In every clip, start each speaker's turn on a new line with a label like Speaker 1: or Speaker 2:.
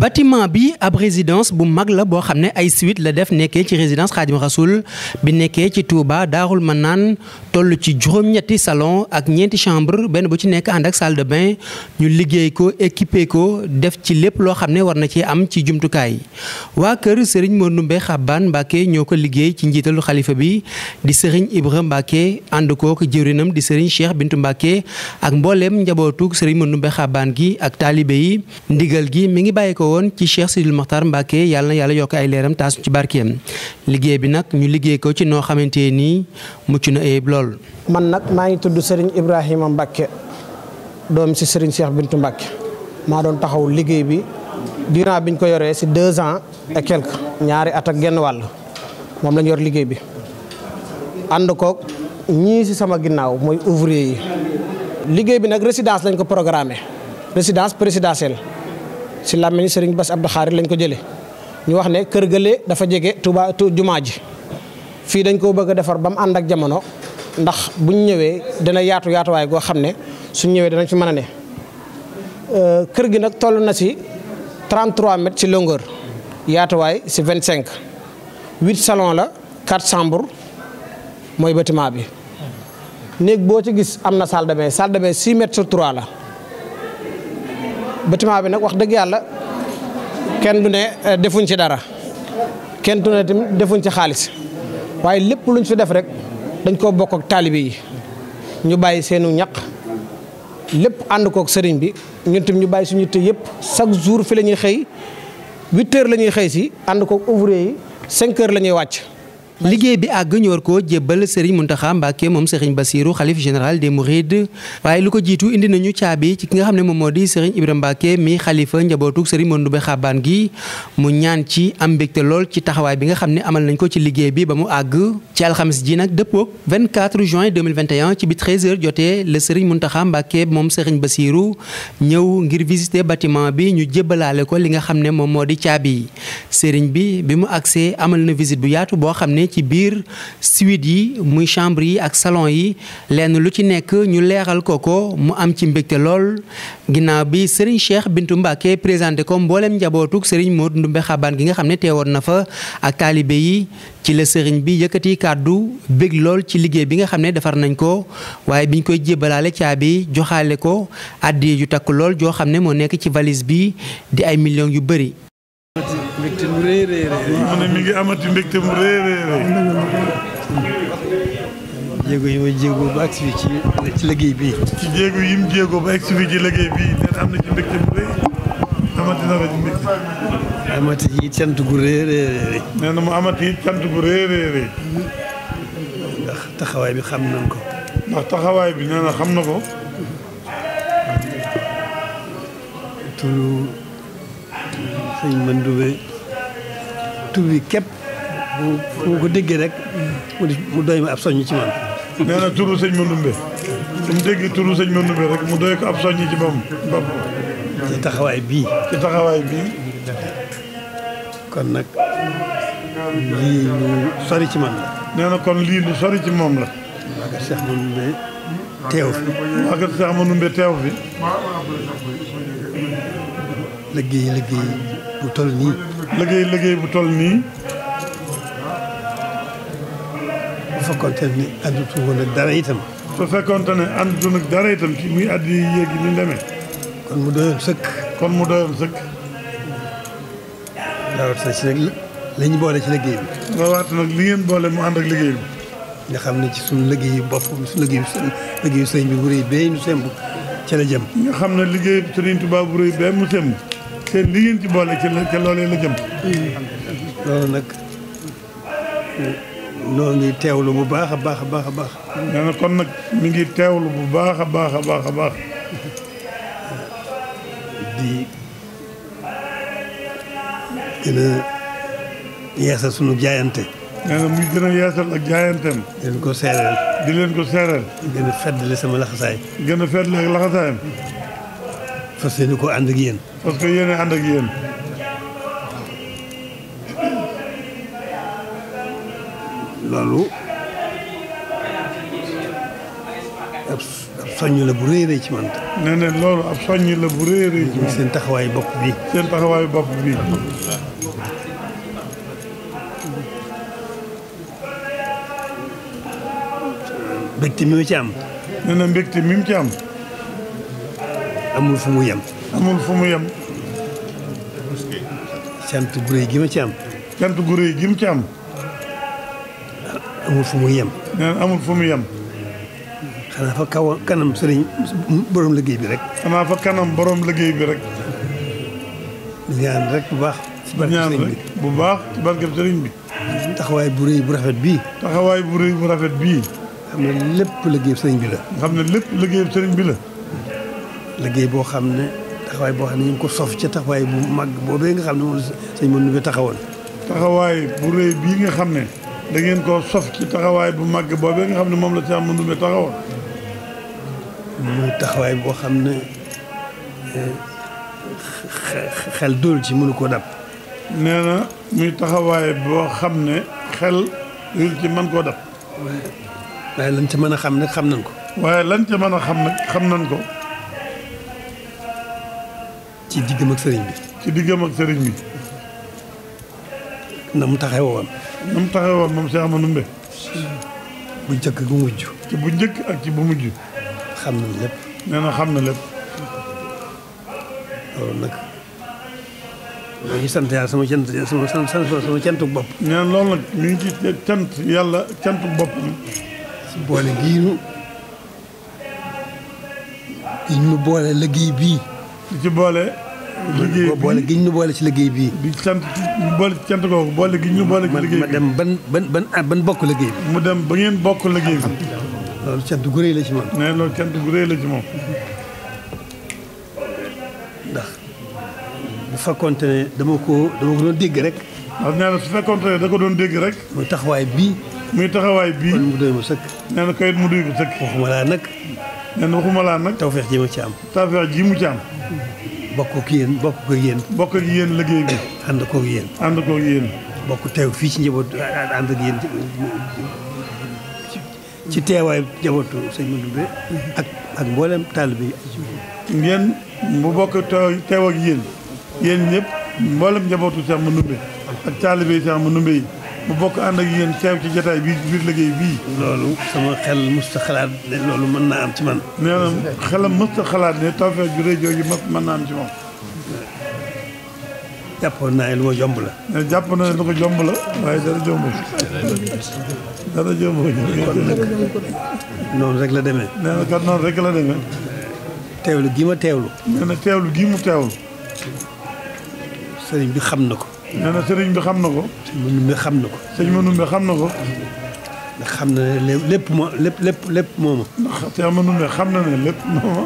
Speaker 1: bâtiment bi ab résidence bu mag la boo xam ne ay suite la def nekkee ci résidence Khadim Rasoul bi nekkee ci daaxul Daarul naan toll ci juróom-ñetti salon ak ñeenti chambre benn bu ci nekk ànd ak salle de bain ñu liggéey ko équipé ko def ci lépp loo xam ne war na ci am ci jumtukaay waa kër Serigne Mor Ndoumbé Xabbaan Mbacke ñoo ko liggéey ci njiitalu xalifa bi di Serigne Ibra Mbacke ànd kook jëwrinam di Serigne Cheikh Bintu Mbacke ak mbooleem njabootu Serigne Mor Ndoumbé Xabbaan gi ak taalibe woon ci Cheikh Sidil Maxtar Mbacke yàlla na yàlla yokk ay leeram taasu ci barkeem liggéey bi nag ñu liggéey ko ci noo xamante nii mucc na ayib lool.
Speaker 2: man nag maa ngi tudd Serigne Ibrahima Mbacke doom si Serigne Cheikh Bintu Mbacke maa doon taxaw liggéey bi durant biñ ko yoree si deux ans et quelque ñaari at ak genn wàll moom lañ yor liggéey bi ànd ko ñii si sama ginnaaw mooy ouvrier yi. liggéey bi nag résidence lañ ko programmé résidence présidentielle. si làmmiñ sëriñ Bass Abdou Khadre lañ ko jëlee ñu wax ne kër gële dafa jege Touba jumaa ji fii dañ koo bëgg a defar ba mu ànd ak jamono ndax buñ ñëwee dana yaatu yaatuwaay goo xam ne suñ ñëwee danañ ci mën a ne euh, kër gi nag toll na si 33 mètres si longueur yaatuwaay si cinq huit salon la quatre chambres mooy bâtiment bi néeg boo ci gis am na saal de bain salle de bain 6 mètres la bâtiment bi nag wax dëgg yàlla kenn du ne euh, defuñ ci dara kenn du ne tamit defuñ ci xaalis waaye lépp luñ fi def rek dañ koo bokk ak taalibe yi ñu bàyyi seenu ñaq lépp ànd kook sëriñ bi ñun tam ñu bàyyi suñu yitte yëpp chaque jour fi la ñuy xëy huit heures la ñuy xëy si ànd kook ouvrier yi cinq heures la ñuy
Speaker 1: wàcc. liggéey bi àgg ñu war koo jébbal Serigne Mountakha Mbacké moom Serigne Bassirou xalif général des Mourides waaye lu ko jiitu indi nañu caabi ci ki nga xam ne moom moo di Serigne Ibrahima Mbacké mi xalifa njabootug Serigne Mandoumbe Xabaan gi mu ñaan ci am mbégte lool ci taxawaay bi nga xam ne amal nañ ko ci liggéey bi ba mu àgg ci alxamis ji nag dëppoog 24 juin 2021 ci bi 13h jotee la Serigne Mountakha Mbacké moom Serigne Bassirou ñëw ngir visiter bâtiment bi ñu jébbalaale ko li nga xam ne moom moo di caabi Serigne bi bi mu agsee amal na visite bu yaatu boo xam ne ci biir suite yi muy chambre yi ak salon yi lenn lu ci nekk ñu leeral ko ko mu am ci mbégte lool ginnaaw bi Serigne Cheikh Bintou Mbacké présenté ko mboolem njabootuk Serigne Modou Ndoumbe Xabaan gi nga xam ne teewoon na fa ak taalibe yi ci la sëriñ bi yëkkati kàddu bég lool ci liggéey bi nga xam ne defar nañ ko waaye biñ koy jébbalaale caabi joxaale ko addi yu takk lool joo xam ne moo nekk ci valise bi di ay millions yu bëri.
Speaker 3: mbégte mu rëy rëy rëy. mu ne mi ngi amati mbégte mu rëy rëy rëy.
Speaker 1: jéego yi ma jéego ba agsi fii ci
Speaker 3: ci liggéey bii. ci jéego yi mu jéego ba agsi fii ci liggéey bii nee na am na ci mbégte mu rëy amati na ko ci mbégte. amati yi cant gu rëy rëy rëy. nee na mu amati yi cant gu rëy rëy rëy. ndax taxawaay bi xam nañ ko. ndax taxawaay bi nee na xam na ko. turu. sëñ Mandoumbe tur bi képp fu déggee rek mu doy ma ab soññ ci man nee na turu sëñ Mandoumbe su mu déggee turu rek mu doy ko ab soññ ci moom bopp ci taxawaay bii taxawaay bii kon nag lii ci man la nee na kon lii lu sori ci moom la waa kër Cheikh Mandoumbe teew fi waa kër Cheikh Mandoumbe teew fi liggéey liggéey bu toll nii. liggéey liggéey bu toll nii. bu fekkoonte ne àndutu woon ak dara itam. su fekkoonte ne àndutu nag dara itam ci muy at yi yéeg ni demee. kon mu doyoon sëkk. kon mu doyoon sëkk. rawatina boole ci liggéey bi. rawatina nag boole mu ànd ak liggéey nga xam ne ci suñu liggéeyu bopp suñu liggéeyu liggéeyu sëñ bi bu bee ñu semb ca jëm. nga xam ne liggéeyu Sëriñ Tuubaa bu rëy bee mu semb. te li ngeen ci boole ci la ca loolee la jëm. loolu nag noo ngi teewlu bu baax a baax a baax a baax. nee na kon nag mi ngi teewlu bu baax a baax a baax a baax. di gën a yeesal sunu jaayante. nee na muy gën a yeesal ak jaayanteem. di leen ko seereel. di leen ko seereel. gën a feddali sama laxasaay. gën a feddali ak laxasaayam. fas yéene ko ànd ak yéen. fas ko yéene ànd ak yéen. loolu ab soññ la bu rëy rëy ci man. nee na loolu ab soññ la bu rëy rëy ci man. seen taxawaayu bopp bi. seen taxawaayu bopp bi. mbégte mi mu ci am. nee na mbégte mi mu ci am. amul fu mu yem. amul fu mu yem. cant gu rëy ci am. cant gu rëy gi ma ci am. amul fu mu yem. amul fu mu yem. xanaa fa kaw kanam sëriñ boroom liggéey bi rek. xanaa fa kanam boroom liggéey bi rek. ñaan rek bu baax. ci barke bi bu baax ci barke sëriñ bi. taxawaay bu bu rafet bii. taxawaay bu rëy bu rafet bi xam ne lépp liggéey sëriñ bi la. xam ne lépp liggéey sëriñ bi la. liggéey boo xam ne taxawaay boo xam ne ñu ngi ko sof ca taxawaay bu mag boobee nga xam ne moom sëñ Modou Ndoumbé taxawoon. taxawaay bu rëy bii nga xam ne da ngeen koo sof ci taxawaay bu mag boobee nga xam ne moom la sëñ Modou Ndoumbé taxawoon. Eh, muy taxawaay boo xam ne xel dóor ci mënu koo dab. nee na taxawaay boo xam ne xel dóor mën koo dab. waaye lañ ca mën a xam ne xam nañ ko. waaye lan ca mën a xam nag xam nañ ko. ci diggam ak sëriñ bi. ci diggam ak sëriñ bi. na mu taxee woon. na mu taxee woon moom Cheikh Ahmadou Mbe. bu njëkk bu mujj. ci bu njëkk ak ci bu mujj. xam na lépp. nee xam na lépp. loolu nag maa ngi sant yàlla sama cant sama sant sama cantu bopp. nee na nag mi ci cant yàlla cantu bopp mi. si boole gii ñu. ñu boole liggéey bii. di ci boole. liggéey bi boole gi ñu boole ci liggéey bii. di sant boole ci cant googu boole gi ñu boole ci liggéey bi. ma dem ban ban ban ah, ban bokk liggéey bi. mu dem ba ngeen bokk liggéey bi. loolu cant gu rëy la ci moom. nee loolu cant gu rëy la ci moom. ndax bu fekkoonte ne dama ko dama ko doon dégg rek. wax naa su fekkoonte ne da ko doon dégg rek. muy taxawaay bii. muy taxawaay bii kon mu doy ma sëkk. nee na kayit mu doy ma sëkk. waxuma laa nag. nee na waxuma laa nag. tawfeex ji ma ci am. tawfeex ji mu ci am. bokk ki yéen bokk ko yéen. bokk ak yéen liggéey bi. ànd koog yéen. ànd koog yéen. bokk teew fii ci njaboot ànd ak yéen ci teewaayu njabootu sëñ Madoumbe ak ak mboolem taalibe yi. ngeen bu bokk teew ak yéen yéen mboolem njabootu Cheikh ak taalibe yi Cheikh Madoumbe yi. mu bokk ànd ak yéen teew ci jataay bi biir liggéey bii. loolu sama xel mësta xalaat loolu mën naa am ci man. nee na xelam xalaat ne tawfeex ju rëy jooju mën naa am ci moom. jàppoon naa ne lu ma jomb la. mais jàpp na ne lu ko jomb la waaye dara jombul. dara jombul noonu rek la demee. nee na kat noonu rek la demee. teewlu gii ma teewlu. nee na teewlu gii mu teewlu. sëriñ bi xam na ko. nee na sëriñ bi xam na ko. sëñ Manoumbe xam na ko. sëñ Manoumbe xam na ko. ndax xam na ne lépp moo lépp lépp lépp moo ma. ndax sëñ Manoumbe xam na ne lépp moo ma.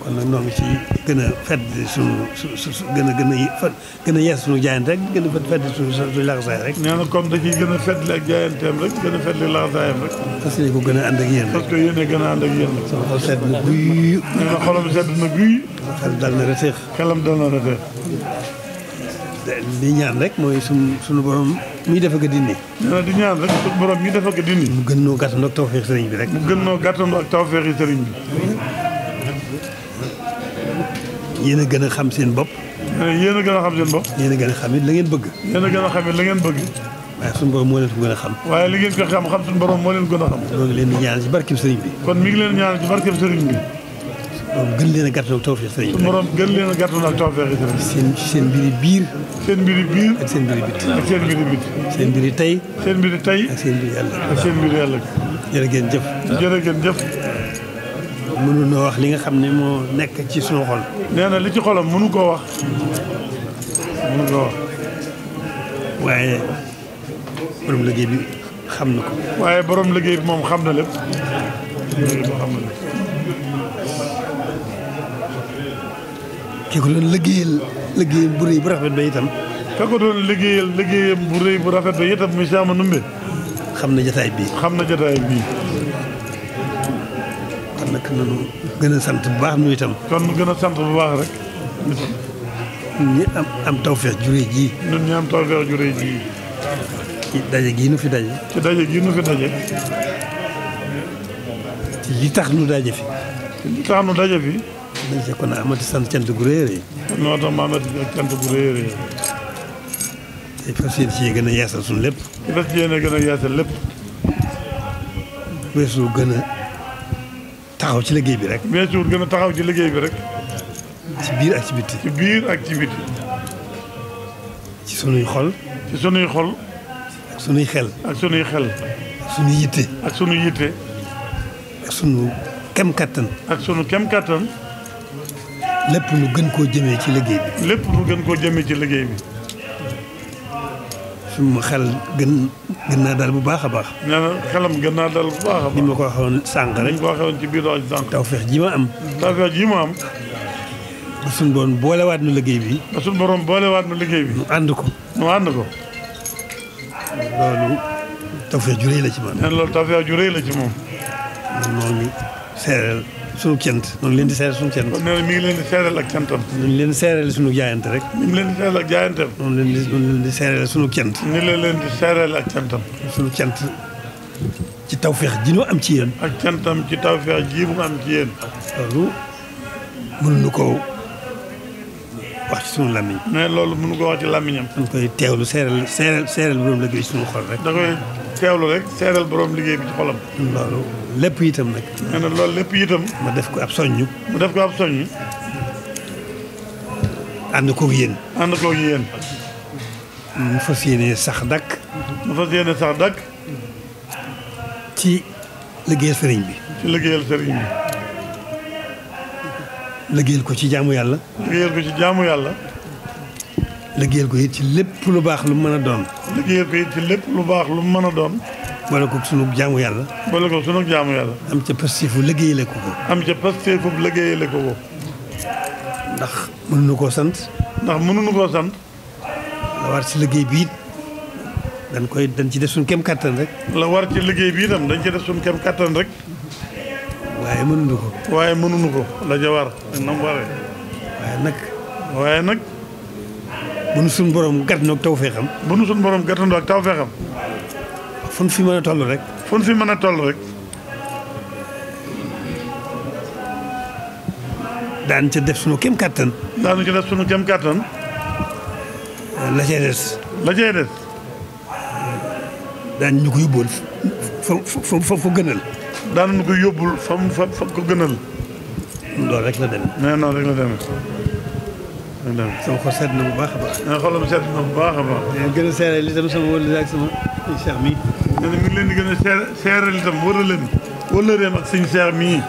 Speaker 3: kon nag ñoo ngi ci gën a fedd suñu su su gën a gën a gën a yees suñu jaayante rek gën a fedd suñu suñu laxasaay rek. nee na comme da ciy gën a fedd ak jaayanteem rek gën a fedd laxasaayam rek. parce que ko gën a ànd ak yéen parce que yéen a gën a ànd ak yéen rek. sama xol sedd na guy. nee na xolam sedd na guy. xel dal na rëteex. xelam dal na rëteex. di ñaan rek mooy suñu suñu borom muy defal ko dindi. nee di ñaan rek suñu borom muy defal ko dindi. mu gën noo gàttandoo ak tawféexi sëriñ bi rek. gën noo gàttandoo ak sëriñ bi. yéen a gën a xam seen bopp. yéen a gën a xam seen bopp. yéen a a xam it la ngeen bëgg. yéen a gën a xam it la ngeen bëgg. waaye suñu borom moo leen ko gën a xam. waaye li ngeen ko xam xam suñu borom moo leen gën a xam. loolu leen di ñaan ci barkeem sëriñ bi. kon mi ngi leen ñaan ci barkeem sëriñ bi. borom gën leen a gàttal ak tawfeex sëriñ bi. borom gën leen a gàttal ak tawfeex sëriñ bi. seen seen mbiri biir. seen mbiri biir. ak seen mbiri bit. ak seen mbiri bit. seen mbiri tey. seen mbiri tey. ak seen mbiri yàlla. ak seen mbiri yàlla. jërë ngeen jëf. jërë ngeen jëf. mënuñoo wax li nga xam ne moo nekk ci suñu xol. nee na li ci xolam mënu koo wax. mënu koo wax. waaye borom liggéey bi xam na ko. waaye borom liggéey bi moom xam na lépp. liggéey bi xam na lépp. ki ko doon liggéeyal liggéeyam bu rëy bu rafet ba itam. ka ko doon liggéeyal liggéeyam bu rëy bu rafet ba itam muy Cheikh Manoumbe. xam na jotaay bii. xam na jotaay bii. kon nag nanu gën a sant bu baax nu itam. kon gën a sant bu baax rek. ñi am am tawfeex juree ji. ñun ñu am tawfeex juree ji. ci daje gii nu fi daje. ci daje gii nu fi daje. ci tax nu daje fi. ci tax nu daje fi. dañ see kon amati sant cant gu rëy a rëy. non non ma amati cant gu rëy a te fas yéene ci gën a yeesal suñu lépp. te fas yéene gën a yeesal lépp. weesu gën a taxaw ci liggéey bi rek. weesu gën a taxaw ci liggéey bi rek. ci biir ak ci biti. ci biir ak ci biti. sunuy xol. ci sunuy xol. ak sunuy xel. ak sunuy xel. ak sunuy yitte. ak sunuy yitte. ak sunu kem kattan. ak sunu kem kattan. lépp nu gën koo jëmee ci liggéey bi. lépp nu gën koo jëmee ci liggéey bi. suma xel gën gën naa dal bu baax a baax. nee na xelam gën naa dal bu baax a baax. ni ma ko waxoon sànq rek. ni ma ko waxoon ci biir rajo sànq. tawfeex ji ma am. tawfeex ji ma am. ba suñu borom boolewaat nu liggéey bi. ba suñu borom boolewaat nu liggéey bi. nu ànd ko. nu ànd ko. loolu tawfeex ju rëy la ci man. nee na loolu tawfeex ju rëy la ci moom. noonu seereel. sunu cant noonu leen di seeral sunu cant nee na mi ngi leen di seeral ak cantam leen di seeral sunu jaayante rek mi leen di seeral ak jaayantam noonu leen di leen di sunu cant ni leen di seeral ak cantam sunu cant ci tawfeex ji nu am ci yéen ak cantam ci tawfeex ji mu am ci yéen loolu mënuñu ko wax ci sunu mais loolu mënu ko wax ci làmmiñam dañ koy teewlu seeral seeral seeral borom liggéey ci sunu xol rek da koy rek seeral borom liggéey bi ci xolam lépp itam nag. nee na lépp itam. ma def ko ab soññu. ma def ko ab soññu. ànd kook yéen. ànd yéen. mu fas yéene sax dakk. mu fas yéene sax dakk. ci liggéeyal sëriñ bi. ci liggéeyal ko ci jaamu yàlla. liggéeyal ko ci jaamu yàlla. liggéeyal ko yit ci lépp lu baax lu mën a doon. liggéeyal ko it ci lépp lu baax lu mën a doon. boole ko sunu jaamu yàlla. boole ko sunu jaamu yàlla. am ca pastéef bu liggéeyale ko ko. am ca pastéef bu liggéeyale ko ko. ndax mënuñu koo sant. ndax mënuñu koo sant. la war ci liggéey bi it dañ koy dañ ci def suñu kem kattan rek. la war ci liggéey bi itam dañ ci def suñu kem kattan rek. waaye mënuñu ko. waaye mënuñu ko la ja war nam waree. waaye nag. waaye nag. bu nu suñu borom gàttandoo ak taw fee xam. bu nu suñu borom gàttandoo ak taw fee xam. fun fi mën a toll rek. fun fi mën a toll rek. daan ca def sunu kem kàttan. daan ca def sunu kem kàttan. Eh, la cay des. la cay des. daan ñu ko yóbbul fa fa fa fa gënal. daan ñu ko yóbbul fa fa fa ko gënal. loolu rek la demee. nee noonu rek la demee. alhamdulilah sama xol sedd na bu baax a baax. Ah, xolam sedd na bu baax a baax. di gën a seeral itam sama wëllëre ak sama Cheikh mii. nee na mi ngi leen di gën a seer seeral itam wërëlem wëllëreem ak suñu Cheikh mii.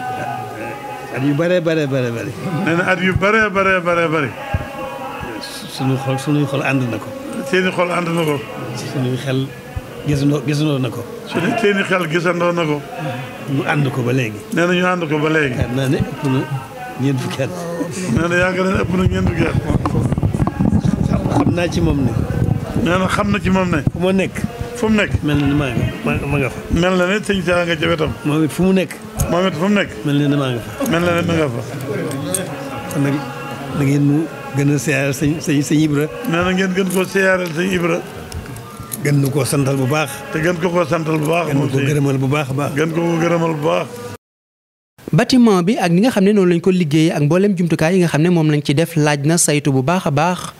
Speaker 3: at yu bëree bëree bëri bëri. nee na at yu bëree bëree bëree bëri. suñu xol suñuy xol ànd na ko. seeni xol ànd na ko. suñuy xel gisandoo gisandoo na ko. suñu seeni xel gisandoo na ko. ñu ànd ko ba léegi. nee na ñu ànd ko ba léegi. xam naa ne ëpp na. ngeen fukki at. nee na yaakaar naa ne ëpp fukki at. xam naa ci moom ne. nee xam na ci moom ne. fu ma nekk. fu nekk. mel na ni maa nga ma nga fa. mel ne ca wetam. moom fu mu nekk. moom it fu mu nekk. mel na ne maa nga fa. mel na ne ma nga ngeen ñu gën a seeyaaral sëñ sëñ sëñ Ibra. nee na ngeen gën koo seeyaaral sëñ Ibra. gën nu koo santal bu baax. te gën ko koo santal bu baax. moom gën ko gërëmal bu baax a baax. gën ko ko gërëmal bu baax.
Speaker 1: bâtiment bi ak ni nga xam ne noonu lañ ko liggéey ak mbooleem jumtukaay yi nga xam ne moom lañ ci def laaj na saytu bu baax a baax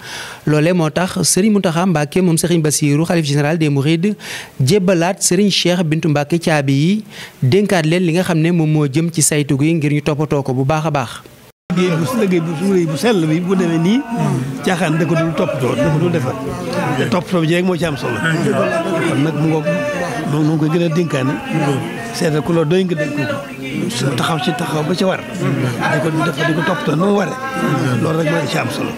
Speaker 1: loolee moo tax Serigne Mountakha Mbacké moom ba Bassirou xalif général des Mourides jébbalaat Serigne Cheikh Bintou Mbacké caabi yi dénkaat leen li nga xam ne moom moo jëm ci saytu gi ngir ñu toppatoo ko bu baax a baax.
Speaker 3: liggéey bu liggéey bu suuree bu sell bi bu demee nii caaxaan da ko dul toppatoo da ko dul defar te toppatoo bi rek moo ci am solo nag mu ngoog noonu ngi koy gën a dénkaane seetal ku la doy nga de ko taxaw ci taxaw ba ci war di ko defar di topp toppatoo na mu waree loolu rek moo ci am solo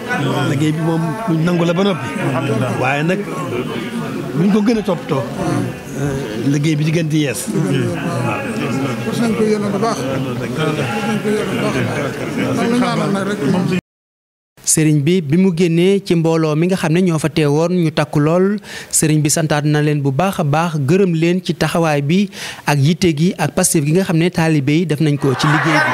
Speaker 3: liggéey bi moom luñ nangu la ba waaye nag buñ ko gën a toppatoo euh, liggéey bi di gën di yees.
Speaker 1: sëriñ bi bi mu génnee ci mbooloo mi nga xam ne ñoo fa teewoon ñu takku lool sëriñ bi santaat na leen bu baax a baax gërëm leen ci taxawaay bi ak yitte gi ak pastif gi nga xam ne taalibe yi def nañ ko ci liggéey bi.